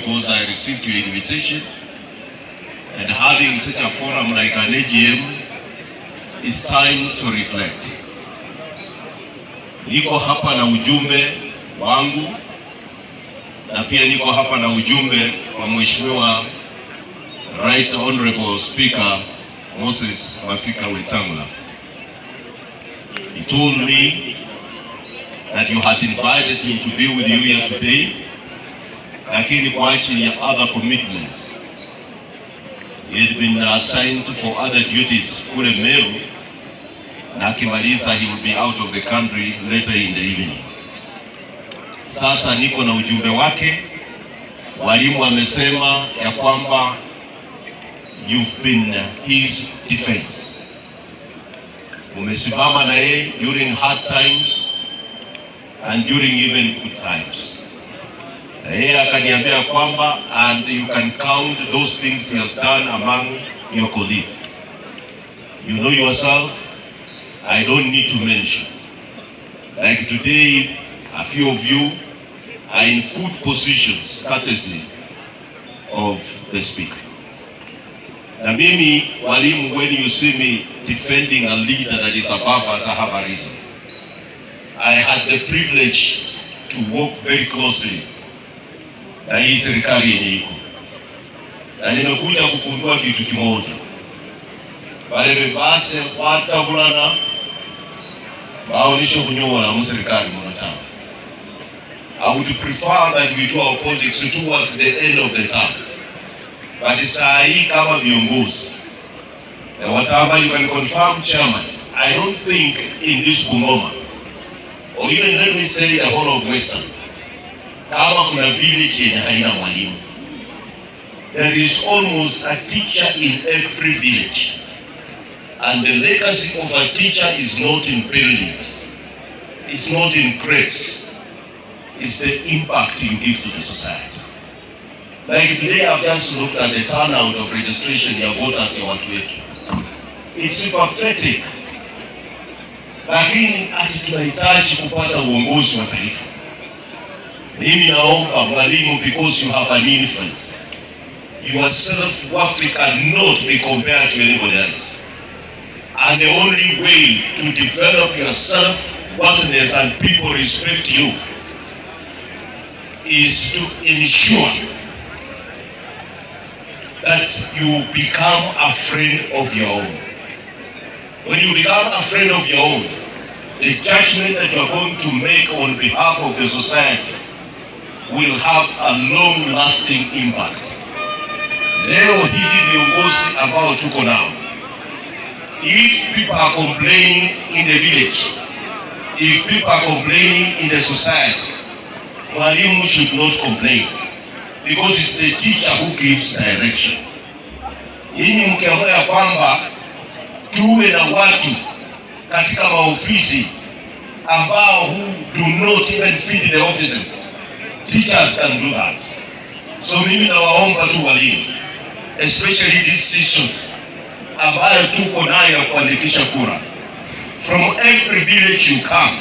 because I received your invitation and having such a forum like an AGM it's time to reflect. Niko hapa na ujumbe wangu na pia niko hapa na ujumbe wa Mheshimiwa Right Honorable Speaker Moses Masika Wetangula. He told me that you had invited him to be with you here today lakini kwa ajili ya other commitments he had been assigned for other duties kule Meru, na akimaliza he will be out of the country later in the evening. Sasa niko na ujumbe wake. Walimu amesema ya kwamba you've been his defense, umesimama na yeye during hard times and during even good times yeye akaniambia kwamba and you can count those things you have done among your colleagues. You know yourself, I don't need to mention. Like today, a few of you are in good positions courtesy of the speaker. Na mimi walimu, when you see me defending a leader that is above us, I have a reason. I had the privilege to work very closely na hii serikali yenye iko, na nimekuja kukundua kitu kimoja, bale bebase watabulana baonishe kunyola mu serikali munatanga I would prefer that we do our politics towards the end of the term. But saa hii kama viongozi na whatever you can confirm chairman, I don't think in this Bungoma or even let me say the whole of Western kama kuna village yenye haina mwalimu. There is almost a teacher in every village and the legacy of a teacher is not in buildings, it's not in crates, it's the impact you give to the society. Like today I've just looked at the turnout of registration ya voters ya watu wetu. It's pathetic. Lakini ati tunahitaji kupata uongozi wa taifa mimi naomba Mwalimu, because you have an influence, yourself self cannot be compared to anybody else, and the only way to develop yourself self-worthiness and people respect you is to ensure that you become a friend of your own. When you become a friend of your own, the judgment that you are going to make on behalf of the society will have a long lasting impact. Leo hivi viongozi ambao tuko nao, if people are complaining in the village, if people are complaining in the society, walimu should not complain because it's the teacher who gives direction. Hii mkiamua ya kwamba tuwe na watu katika maofisi ambao who do not even feed the offices Teachers can do that. So mimi nawaomba tu walimu, especially this season ambayo tuko nayo ya kuandikisha kura, from every village you come,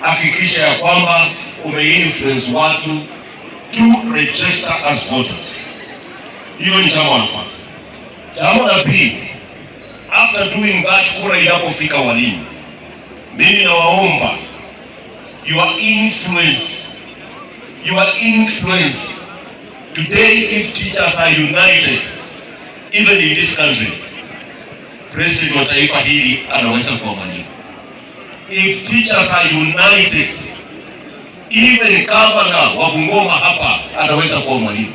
hakikisha ya kwamba umeinfluence watu to register as voters. Hilo ni jambo la kwanza. Jambo la pili, after doing that, kura inapofika walimu, mimi nawaomba your influence your influence today if teachers are united even in this country president wa taifa hili anaweza kuwa mwalimu if teachers are united even governor wa Bungoma hapa anaweza kuwa mwalimu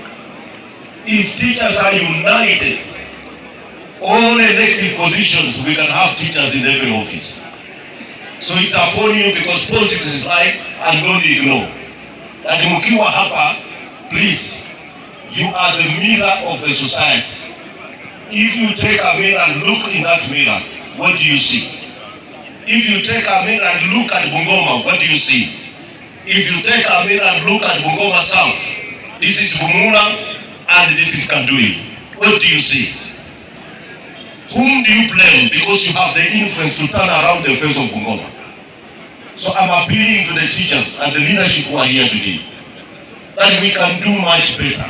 if teachers are united all elective positions we can have teachers in every office so it's upon you because politics is life and don't ignore yaani mkiwa hapa please you are the mirror of the society if you take a mirror and look in that mirror what do you see if you take a mirror and look at Bungoma what do you see if you take a mirror and look at Bungoma South this is Bumula and this is Kanduyi what do you see whom do you blame because you have the influence to turn around the face of Bungoma So I'm appealing to the teachers and the leadership who are here today that we can do much better.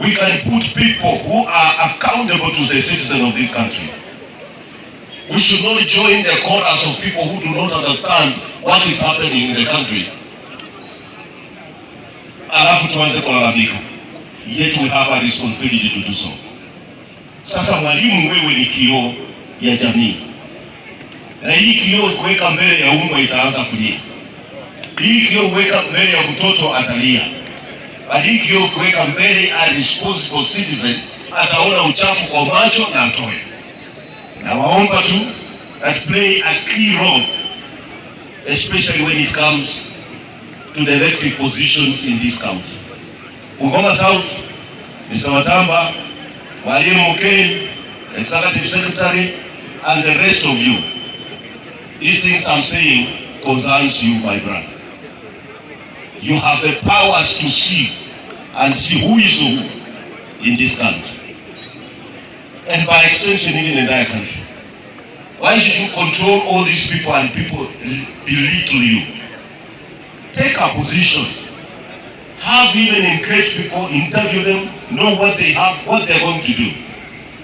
We can put people who are accountable to the citizens of this country. We should not join the chorus of people who do not understand what is happening in the country. Alafu tuanze kulalamika. Yet we have a responsibility to do so. Sasa mwalimu, wewe ni kioo ya jamii na hii kioo kuweka mbele ya umbwa itaanza kulia. Hii kioo kuweka mbele ya mtoto atalia, bali hii kioo kuweka mbele a responsible citizen ataona uchafu kwa macho na atoe. Na waomba tu that play a key role especially when it comes to the elected positions in this county. Bungoma South, Mr. Watamba, Mwalimu Ken, Executive Secretary and the rest of you These things I'm saying concerns you, my brother. You have the powers to see and see who is who in this country. And by extension, in the entire country. Why should you control all these people and people belittle you? Take a position. Have even engaged people, interview them, know what they have, what they're going to do.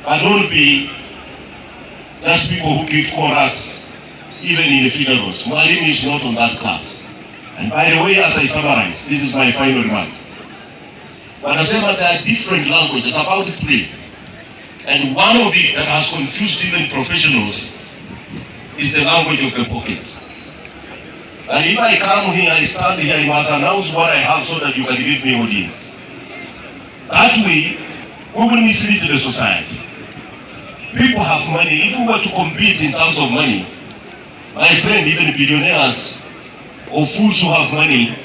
But don't be just people who give chorus even in the figure rows. Mualim is not on that class. And by the way, as I summarize, this is my final remarks. Wanasema there are different languages, about three. And one of it that has confused even professionals is the language of the pocket. And if I come here, I stand here, I must announce what I have so that you can give me audience. That way, we will mislead the society. People have money. If we were to compete in terms of money, My friend, even billionaires or fools who have money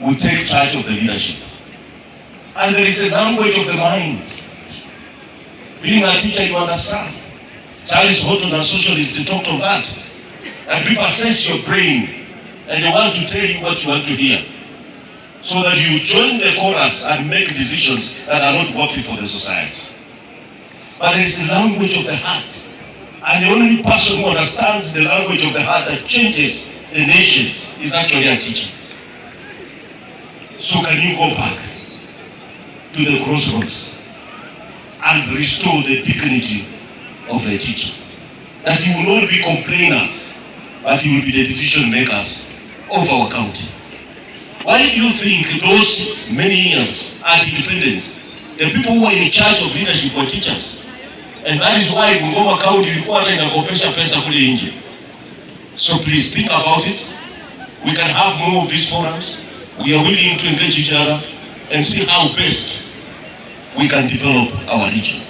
will take charge of the leadership. And there is a language of the mind. Being a teacher, you understand. Charles Horton, a socialist, talked of that. And people sense your brain and they want to tell you what you want to hear. So that you join the chorus and make decisions that are not worthy for the society. But there is a language of the heart and the only person who understands the language of the heart that changes the nation is actually a teacher. So can you go back to the crossroads and restore the dignity of the teacher? That you will not be complainers, but you will be the decision makers of our county. Why do you think those many years at independence, the people who were in charge of leadership were teachers? and that is why Bungoma County ilikuwa hata inakopesha pesa kule nje. So please think about it. We can have more of these forums. We are willing to engage each other and see how best we can develop our region.